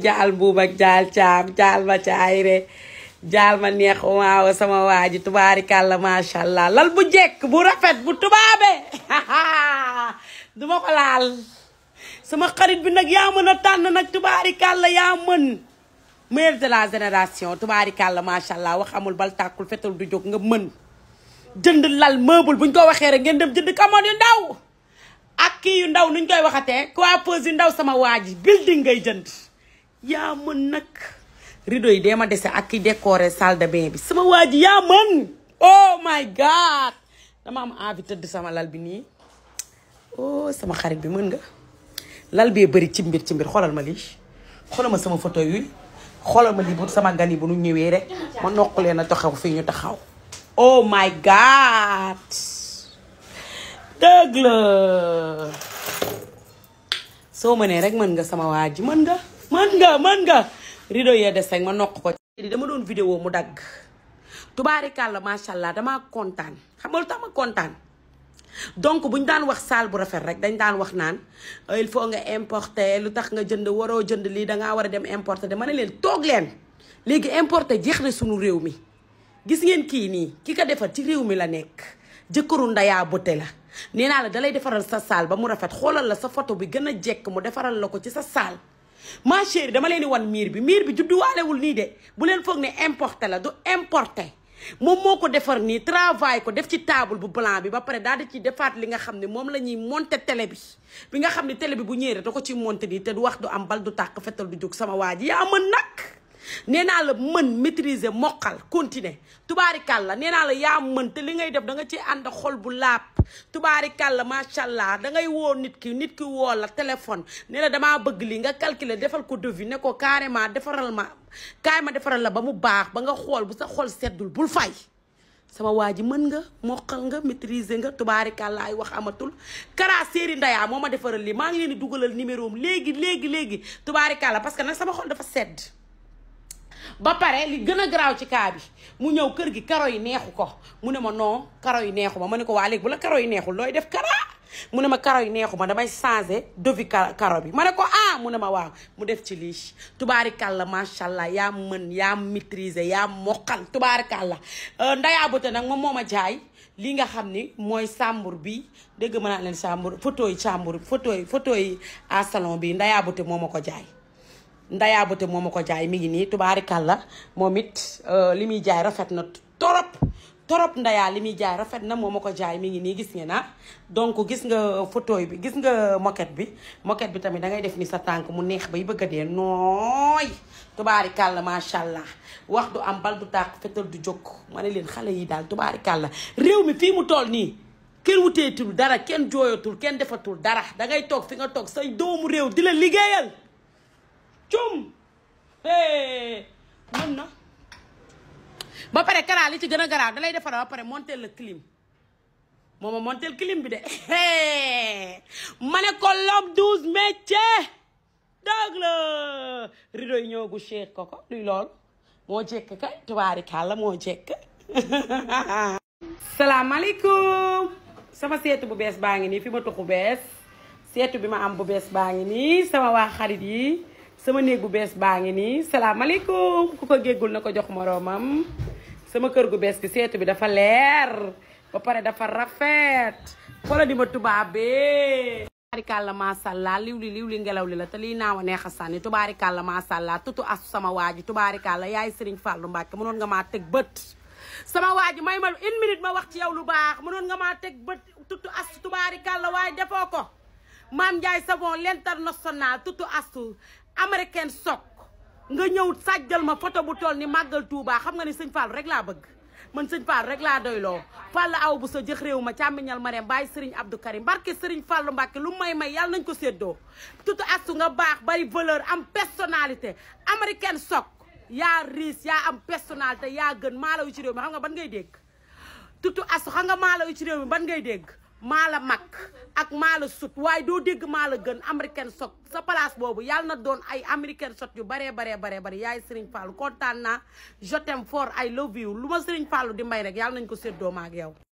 jaal buubak jaal cham jaal ba chaire re jaal ma neex waaw sama waaji tubaarikàlla macha allah lal bu jek bu rafet bu tubabe duma ko lal sama xarit bi nak ya meuna tan nak nag ya meun mère de la génération allah bal takul fetul du jog nga meun jënd lal meuble buñ ko waxé rek ngeen dem jënd kamoon yu ndaw ak ki yu ndaw nuñ koy waxatee coiffeuse yu ndaw sama waji building ngay jënd ya man nak rido yi dema ma ak ki décorer salle de bain bi sama waji ya man oh my god dama am envie teud sama lal bi ni oh sama xarit bi meun nga lal bi e beuri ci mbir ci mbir xolal ma li sama photo yi xolal ma li bu sama Gani bu nu ñëwee rek ma nokulé na taxaw ñu taxaw oh my god Douglas So soo rek man nga sama wajib man nga mën nga yee des ma nokk ko dama doon vidéo mu dagg tubaarikàlla macha allah damaa kontaan xam nga lu tax kontaan donc bu ñu daan wax saal bu rafet rek dañ daan wax naan oh, il faut nga importer lu tax nga jënd waroo jënd lii dangaa war a dem importer dama ne leen toog leen léegi importer jeex na sunu réew mi gis ngeen kii nii ki ko defar ci réew mi la nekk jëkkëru ndayaa botte la nee naa la dalay defaral sa saal ba mu rafet xoolal la sa photo bi gën a jekk mu defaral la ko ci sa saal ma chérie dama leen di wan miir bi miir bi judduwaalewul nii de bu leen foog ne importé la du importé moom moo ko defar nii travail ko def ci table bu blanc bi ba pare daal di ci defaat li nga xam ne moom la ñuy monter télé bi bi nga xam ne télé bi bu ñëwee da ko ci monter nii te du wax du am bal du tàkk fetal du jóg sama waa ji yaa mën nag nee naa la mën maîtriser mokkal continuer tubaarikàlla nee naa la yaa mën te li ngay def da nga ci ànd xol bu laab tubaarikàlla macha allah da ngay woo nit ki nit ki woo la téléphone nee la damaa bëgg lii nga calculer defal ko devis ne ko carrément defaral ma kaay ma defaral la ba mu baax ba nga xool bu sa xol seddul bul fay. sama waa ji mën nga moqal nga maîtriser nga tubaarikàlla ay wax amatul Kara Séeri Ndaya moo ma defaral lii maa ngi leen di dugalal numéro léegi léegi léegi tubaarikàlla parce que nag sama xol dafa sedd. ba pare li gën a garaaw ci kaa bi mu ñëw kër gi karo yi neexu ko mu ne ma non karo yi neexu ma ma ne ko waa léegi bu la karo yi neexul looy def kara mu ne ma karo yi neexu ma damay changé dovi karo bi ma ne ko ah mu ne ma waaw mu def ci lii tubaarikàlla macha allah yaa mën yaa maîtriser yaa mokkal tubaarikàlla euh, ndayaa bote nag moom moo ma jaay li nga xam ni mooy sàmbur bi dégg mën naa leen sàmbur photo yi sàmbur photo yi photo yi à bi ndayaa bote moo ma ko jaay ndaya moo ma ko jaay mi ngi ni tubarakallah momit it euh, limi jaay rafet na torop torop ndaya limi jaay rafet na momako jaay mi ngi ni gis ngeen ah donc gis nga photo bi gis nga moquette bi moquette bi tamit da ngay def ni sa tank mu neex bay bëgg waktu noy tutak machallah wax du am bal du tak fetal du jokk mané len xalé yi dal tubarakallah rew mi fi mu toll nii wuté tul dara kenn joyotul ken defatul dara da ngay tok fi nga tok say doomu rew dila ligéyal cum hey mana na ba pare juga li ci gëna a dalay bapak montel ba pare monter le clim moma monter clim bi de hey mané ko l'homme 12 métiers dëgg la rido yi ñoogu cheikh koko ko luy lool moo jekk kay kala mo jek jekk alaykum sama seetu bu bes bang ni fi ma tuxu bes seetu bi ma am bu ini baangi ni sama wa xarit yi sama neeg bu ini, baangi ni salam alaykum ku ko géggul na jox moromam sama keur gu bes ki setu bi dafa leer ba pare dafa rafet xoolal di ma barikalla ma salla liwli liwli ngelawli la te liy naaw a neex tubarikalla ma salla tutu asu sama waji tubarikalla yaay serigne fallu mbacke munon nga ma tek beut sama waji ji may ma une minute ma wax ci yow lu bax munon nga ma tek beut tutu asu tubarikalla way defoko mam jay Njaay savon l'international tutu asu américaine soog nga ñëw sàjjal ma photo bu toll ni màggal Touba xam nga ni sëñ Fall rek laa bëgg mën sëñ Fall rek laa doyloo Fall aw bu sa jëx réew ma càmmiñal ma rem bàyyi Serigne Abdou Karim barke Serigne Fallou Mbacke lu may may yàlla nañ ko séddoo tutu astu nga baax bari valeur am personnalité américaine soog yaa riis yaa am personnalité yaa gën maalaw ci réew mi xam nga ban ngay dégg tutu astu xam nga maalaw ci réew mi ban ngay dégg maa la mag ak maa la sut waaye doo dégg maa la gën américaine sot sa palace boobu yàlla na doon ay américaine sot yu baree baree baree bari yaay Serigne Fallou kontaan naa je t'aime fort I love you lu ma Serigne Fallou di mbay rek yàlla nañ ko séddoo ma ak yow